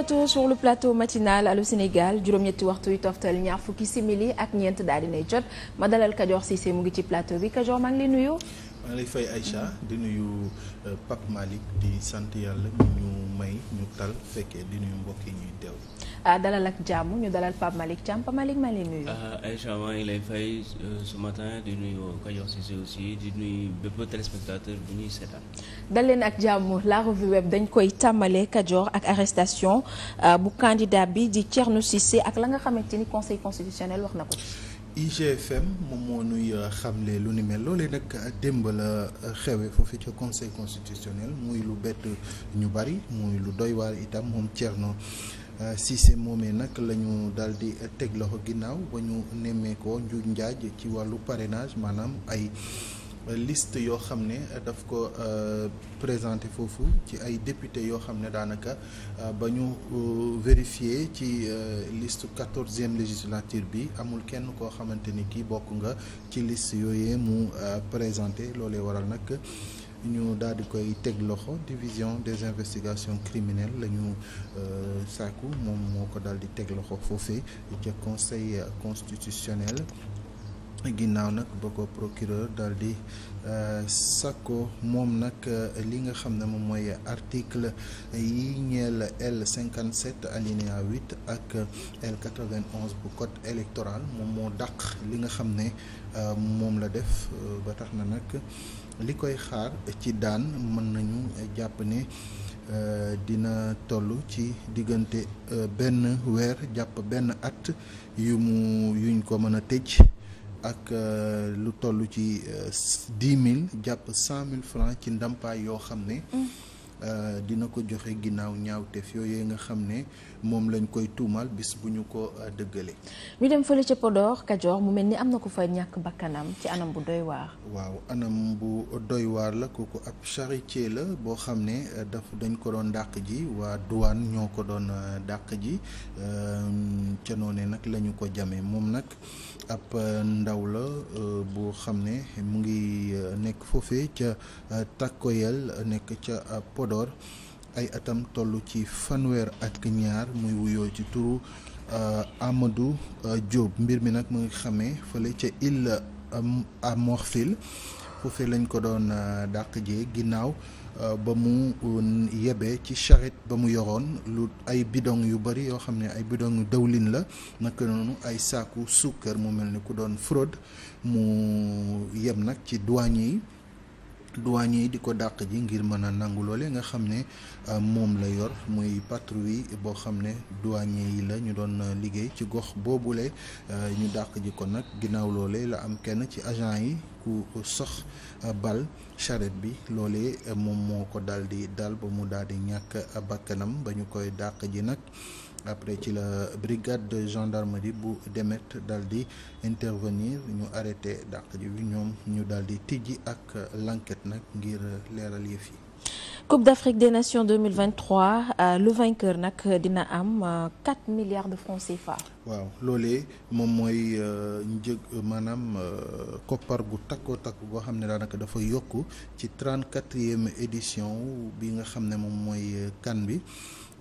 retour sur le plateau matinal Allô Sénégal juróom-ñetti waxtu yu toftal ñaar fukki simili ak ñeent daal dinay jot ma dalal Kajoor Cissé mu ngi ci plateau bi Kajoor maa ngi lay nuyu. maa ngi lay fay Aïcha di nuyu euh, Pape Malick di sant yàlla ñu may ñu tal fekkee di nuyu mbokk yi ñuy teew. Euh, dalal ak jàmm ñu dalal Pape Malick Thiam Pape Malick maa ngi lay nuyu. Ah, Aïcha maa ngi lay fay euh, ce matin di nuyu Kajoor Cissé aussi di nuyu bépp téléspectateur bu ñuy seetaan. dal leen ak jàmm la revue web dañ koy tàmbalee Kajoor ak arrestation euh, bu candidat bi di Thierno Cissé ak la nga xamante ni conseil constitutionnel wax na ko. IGFM moom moo nuy xamle lu ni mel loolee nag démb la xewe foofu ca conseil constitutionnel muy lu bett ñu bari muy lu doy waar itam moom Thierno. Euh, Cissé moomee nag la ñu daal di teg loxo ginnaaw ba ñu nemmeekoo njuuj njaaj ci wàllu parrainage maanaam ay liste yoo xam ne daf ko euh, présenté foofu ci ay député yoo xam ne daanaka euh, ba ñu vérifié ci liste quatorzième législature bi amul kenn koo xamante ni kii bokk nga ci liste yooyee mu présenté loolee waral nag. ñu daal di koy teg loxo division des investigations criminelles la ñu euh, sàkku moom moo ko daal di teg loxo foofee ca conseil constitutionnel ginnaaw nag ba ko procureur daal di euh, sàkko moom nag euh, li nga xam ne moom mooy article yi ñeel L cinquante sept alinéa huit ak L quatre vingt onze bu moom moo dàq li nga xam ne moom la def ba tax na nag. li koy xaar ci daan mën nañu jàpp ne euh, dina tollu ci diggante euh, benn weer jàpp benn at yu mu yuñ ko mën a tëj ak euh, lu toll ci dix mille jàpp cent mille francs ci ndàmpaay yoo xam ne. Mm. Euh, dina ko joxe ginnaaw ñaaw teef yooyu nga xam ne moom lañ koy tuumaal bis bu ñu ko euh, dëggalee. ñu dem fële ca Podor Kajoor mu mel ni am na ko fa ñàkk bakkanam ci anam bu doy waar. waaw anam bu doy waar la ko ab charretier la boo xam ne euh, daf dañ ko doon dàq ji waa duwaan ñoo ko doon dàq ji ca noonee nag lañu ko jamee moom nag ab ndaw la boo xam ne mu ngi nekk foofee ca takkoyal nekk ca Podor. Podor ay atam toll ci fanweer ak ñaar muy wuyoo ci turu euh, Amadou euh, Diop mbir mi nag mu ngi xamee fële ca île euh, à Morphil foofee lañ ko doon dàq jee ginnaaw ba mu yebee ci charrette ba mu yoroon lu ay bidon yu bari yoo xam ne ay bidon yu dawlin la naka noonu ay saaku suukar mu mel ni ku doon fraude mu yeb nag ci duwaañ yi yi di ko dàq ji ngir mën a nangu loole nga xam ne euh, moom la yor muy patrouille boo xam ne douanier yi la ñu doon euh, liggéey ci gox boobule euh, ñu dàq ji ko nag ginnaaw loole la am kenn ci agent yi ku sox bal charrette bi loole moom moo ko dal di daal ba mu daal di ñàkk bakkanam ba ñu koy dàq ji nag après ci la brigade de gendarmerie bu Demet dal di intervenir ñu arrêté dàq ji bi ñoom ñu daal di tijji ak l'enquête nag ngir leeral yëf yi. Coupe d'Afrique des Nations 2023 euh, le vainqueur nag dina am euh, 4 milliards de francs CFA. waaw loole moom mooy euh, njëg maanaam euh, koppar gu takkoo takk goo xam ne daanaka dafa yokk ci 34e édition bi nga xam ne moom mooy euh, kan bi.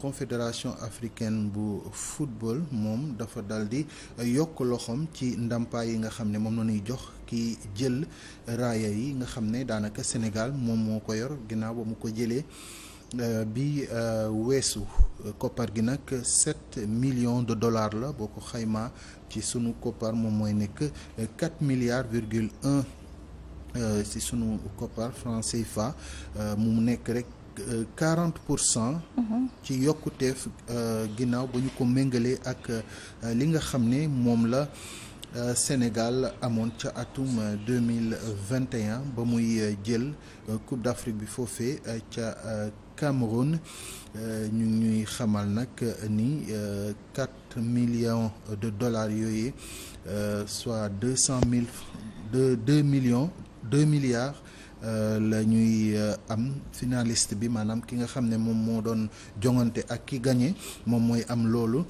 confédération africaine bu football moom dafa dal di yokk loxoom ci ndàmpaay yi nga xam ne moom la nuy jox ki jël raaya yi nga xam ne daanaka Sénégal moom moo ko yor ginnaaw ba mu ko jëlee euh, bi euh, weesu koppar gi nag sept millions de dollars la boo ko xaymaa ci sunu koppar moom mooy nekk quatre milliards virgule un euh, ci sunu koppar franc CFA mu nekk rek. 40 pour cent. ci yokkuteef euh, ginnaaw ba ñu ko méngalee ak euh, li nga xam ne moom la euh, Sénégal amoon ca atum 2021 ba muy jël Coupe d'Afrique bi foofee ca Cameroun ñu ñuy xamal nag ni 4 millions de dollars yooyu soit 200 mille de 2 millions. deux milliards euh, la ñuy euh, am finaliste bi maanaam ki nga xam ne moom moo doon jongante ak ki gagné moom mooy am loolu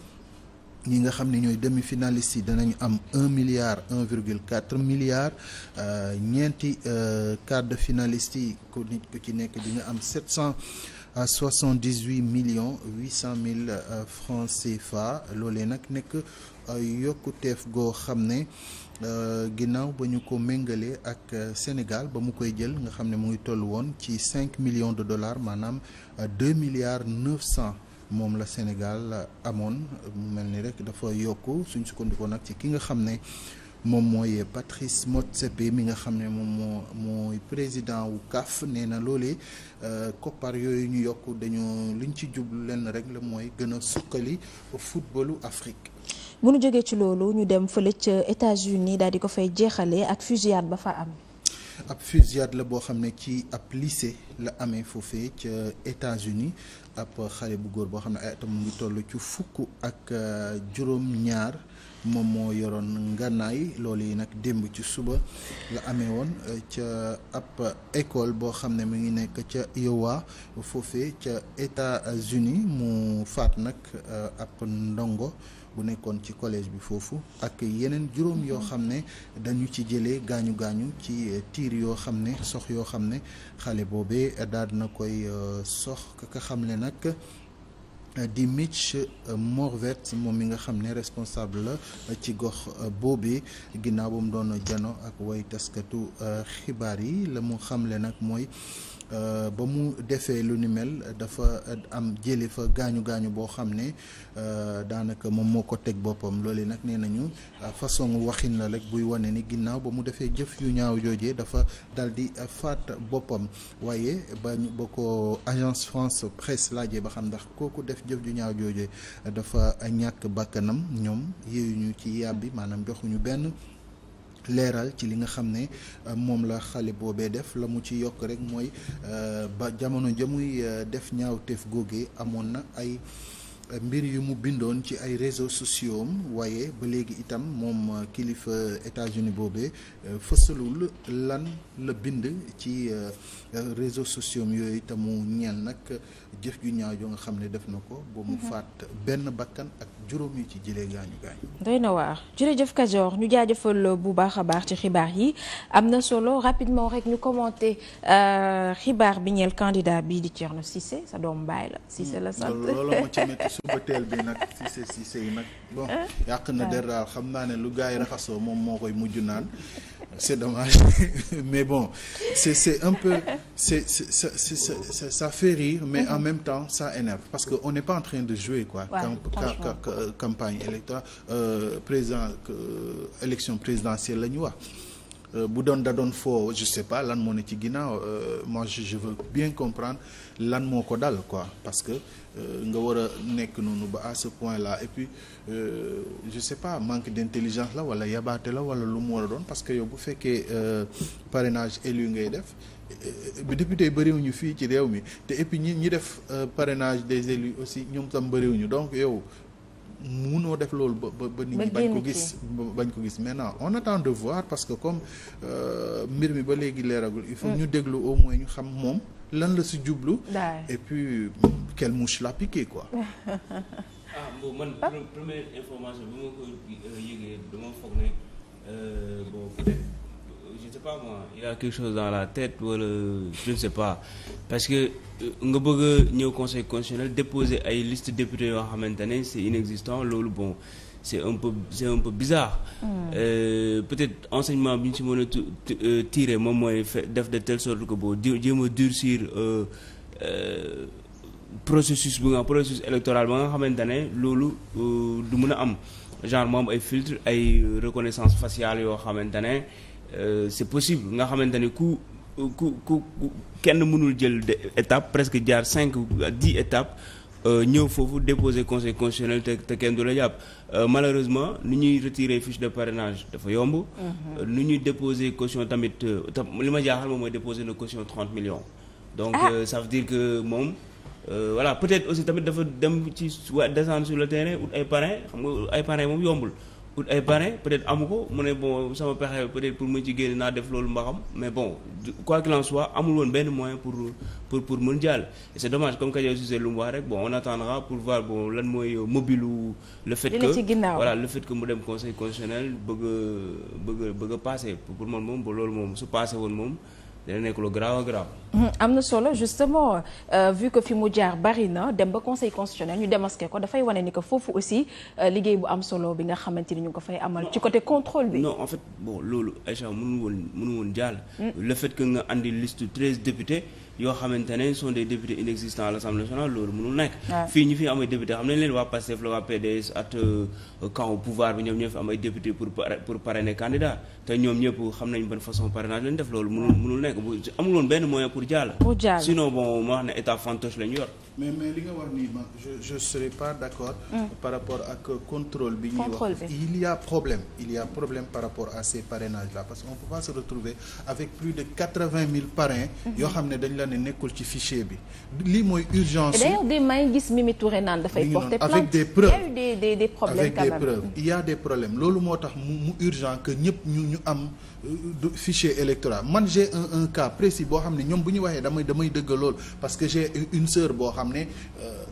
ñi nga xam ne ñooy demi finalistes yi danañu am un milliard un virgule quatre milliard euh, ñeenti quart de finalistes yi ku nit ku ci nekk di nga am sept cent à 78 millions 800 mille euh, francs CFA loolee nag nekk euh, yokkuteef goo xam ne euh, ginnaaw ba ñu ko méngalee ak Sénégal ba mu koy jël nga xam ne mu ngi toll woon ci 5 millions de dollars maanaam 2 milliards 900 moom la Sénégal amoon mu mel ni rek dafa yokk suñ sukkandikoo nag ci ki nga xam ne. moom mooy Patrice Motsepe mi nga xam ne moom moo mooy président wu CAF nee na loolee euh, koppar yooyu ñu yokk dañoo liñ ci jublu lenn rek la mooy gën a sukkali footballu Afrique. bu nu jógee ci loolu ñu dem fële ca États-Unis daal di ko fay jeexalee ak fusillade ba fa am. ab fusillade la boo xam ne ci ab lycée la amee foofee ca États-Unis ab xale bu góor boo xam ne ay atam mu ngi toll ci fukk ak euh, juróom-ñaar moom moo yoroon ngànnaay loolu yi nag démb ci suba la amee woon euh, ca ab école boo xam ne mi ngi nekk ca Iowa foofee ca États-Unis mu faat nag euh, app ndongo. bu nekkoon ci collège bi foofu ak yeneen juróom yoo xam ne dañu ci jëlee gaañu gaañu ci tiir yoo xam ne sox yoo xam ne xale boobee daal na koy euh, sox ka xam ne nag euh, di Mitch euh, Morvet moom mi nga xam ne responsable la ci gox boobee ginnaaw ba mu doon jano ak way taskatu xibaar yi la mu xamle nag mooy Euh, ba mu defee lu ni mel dafa am jële fa gaañu gaañu boo xam ne euh, daanaka moom moo ko teg boppam loolu nag nee nañu euh, façon waxin la rek buy wane ni ginnaaw ba mu defee jëf yu ñaaw joojee dafa dal di faat boppam waaye ba ba ko agence France Presse laajee ba xam ndax kooku def jëf yu ñaaw joojee dafa ñàkk bàkkanam ñoom ñu ci yàbbi maanaam joxuñu benn leeral ci li nga xam ne euh, moom la xale boobee def la mu ci yokk rek mooy euh, ba jamono ja muy euh, def ñaawteef googee amoon na ay mbir yu mu bindoon ci ay réseaux sociaux waaye ba léegi itam moom kilifa États-Unis boobee fësalul lan la bind ci réseaux sociaux yooyu te mu ñeel nag jëf ju ñaaw joo nga xam ne def na ko ba mu mhm. faat benn bakkan ak juróom yi ci jëlee gaañu gaañu doy na waar jërëjëf Kajoor ñu jaajëfal bu baax a baax ci xibaar yi am na solo rapidement rek ñu commenté euh, xibaar bi ñeel candidat bii di Thierno Cissé sa doom baay la Cissé la sant hmm. loolu moo ci métti suba bi nag Cissé yi nag yàq na der daal xam naa ne lu gars yi raxasoo moom moo koy mujj naan c'est dommage mais bon c'est c'est un peu c'est ça ça ça fait rire mais en même temps ça énerve parce que on n'est pas en train de jouer quoi camp campagne électorale euh, président élection présidentielle la ñu wax euh, bu doon da doon foo je sais pas lan moo ne ci ginnaaw euh, moi je veux bien comprendre lan moo ko dal quoi parce que Euh, nga war a nekk noonu ba à ce point là et puis euh, je sais pas manque d'intelligence la wala yabaate la wala lu mu war a doon parce que yow bu fekkee euh, parrainage élu ngay def euh, député yi bëriwuñu fii ci réew mi te et puis ñi ñi def parenage des élus aussi ñoom tam bëriwuñu donc yow munoo def loolu ba ba nit ñi bañ ko gis bañ ko gis maintenant un attend de voir parce que comme euh, mbir mi ba léegi leeragul il faut mm. ñu déglu au moins ñu xam moom lan la si jublu et puis quelle mouche l'a piqué quoi ah, ko euh, je sais pas moi il a quelque chose dans la tête wala euh, je ne sais pas parce que euh, nga bëgg a ñëw conseil constitutionnel déposer ay liste député yoo xamante ne c'est inexistant loolu bon c'est un peu c'est un peu bizarre. Hmm. Euh, peut-être enseignement bi ñu ci mën a tirer moom mooy def de telle sorte ko boo di jéem a durcir processus bu nga processus électoral ba nga xamante ne loolu du mun a am genre moom ay filtre ay reconnaissance faciale yoo xamante ne. Euh, c'est possible nga xamante ni ku ku ku kenn mënul jël étape presque jaar cinq dix étapes euh, ñëw foofu déposer conseil constitutionnel te te kenn du la jàpp euh, malheureusement nu ñuy retirer fiche de parrainage dafa yomb. Mhm. nu ñuy déposer caution tamit li ma jaaxal moom mooy déposer na caution trente millions. donc ah. euh, ça que moom. Euh, voilà peut-être aussi tamit dafa dem ci waa descendre sur le terrain out ay parrain xam nga ay parrain moom yombul. pour ay parrain peut-être amu ko mu ne bon sama pexe peut-être pour mu ci génn naa def loolu mba mais bon quoi qu'il en amul woon benn moyen pour pour pour mun jàll et c'est dommage comme Kadia Cissé lu mu wax rek bon on attendra pour voir bon lan mooy mobile le fait que voilà le fait que mu dem conseil constitutionnel bëgg a bëgg a bëgg pour man moom ba loolu moom su passé woon moom dina nekk lu a grave. am na solo justement euh, vu que fi mu jaar bari na dem ba conseil constitutionnel ñu démasqué ko dafay wane ni que foofu aussi euh, liggéey bu am solo bi nga xamante ni ñu ko fay amal. ci côté contrôle bi. non en fet boo loolu Aïcha mun woon mënu woon jaal le fait que nga andi liste treize députés. yoo xamante ne sont des députés inexistants à l'Assemblée nationale loolu mënul nekk fii ñu fi amee ay député xam nañ leen waa PASTEF la waa PDS at euh, camp au pouvoir bi ñoom ñoo fi am député pour pour parrainer candidat te ñoom ñëpp xam nañ ban façon naa leen def loolu mënul mënul nekk bu amuloon benn moyen pour jàll sinon bon ma wax ne état fantoche la ñu yor mais mais li nga wax nii ma je je serai pas d'accord mm. par rapport ak contrôle bi ñuy wax il y a problème il y a problème par rapport à ces parrainages là parce qu'on peut pas se retrouver avec plus de mille parrains mm-hmm. yoo xam ne dañ la ne nekkul ci fichier bi lii mooy urgence d'ailleurs de maa ngi gis Mimi Touré naan dafay porter plainte avec des preuves il problèmes il y a problèmes loolu moo tax mu mu urgent que ñëpp ñu ñu am du fichier électoral man j'ai un un cas précis boo xam ne ñoom bu ñuy waxee damay damay dëgg lool parce que j'ai une sœur boo xam ne euh,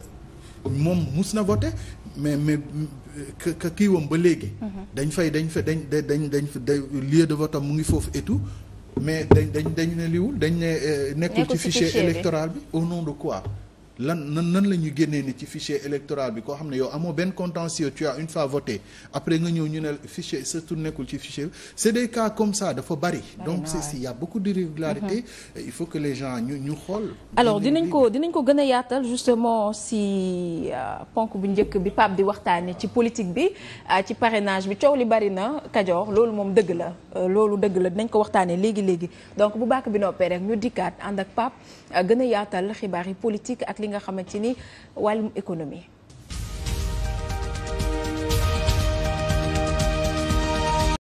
moom mus na voté mais mais ka kii wam ba léegi. Mhm. dañ fay dañ fe dañ dañ dañ fa lieu de vote mu ngi foofu et mais dañ dañ dañ ne liwul dañ ne euh, nekkul ci fichier électoral bi au nom de quoi. lan nan nan la ñu génnee ni ci fichier électoral bi koo xam ne yow amoo benn contentieux tu as une fois voté après nga ñëw ñu ne fichier surtout nekkul ci fichier c' est des cas comme mhm. ñu ñu xool. alors dinañ ko dinañ ko gën a yaatal justement si euh, ponk bu njëkk bi Pape di waxtaanee ci politique bi euh, ci parrainage bi coow li bari na Kajoor loolu moom dëgg la euh, loolu dëgg la dinañ ko waxtaanee léegi léegi donc bu baax bi noppee rek ñu dikkaat ànd ak Pape gën a yaatal xibaar yi li nga xamante ni wàllum économie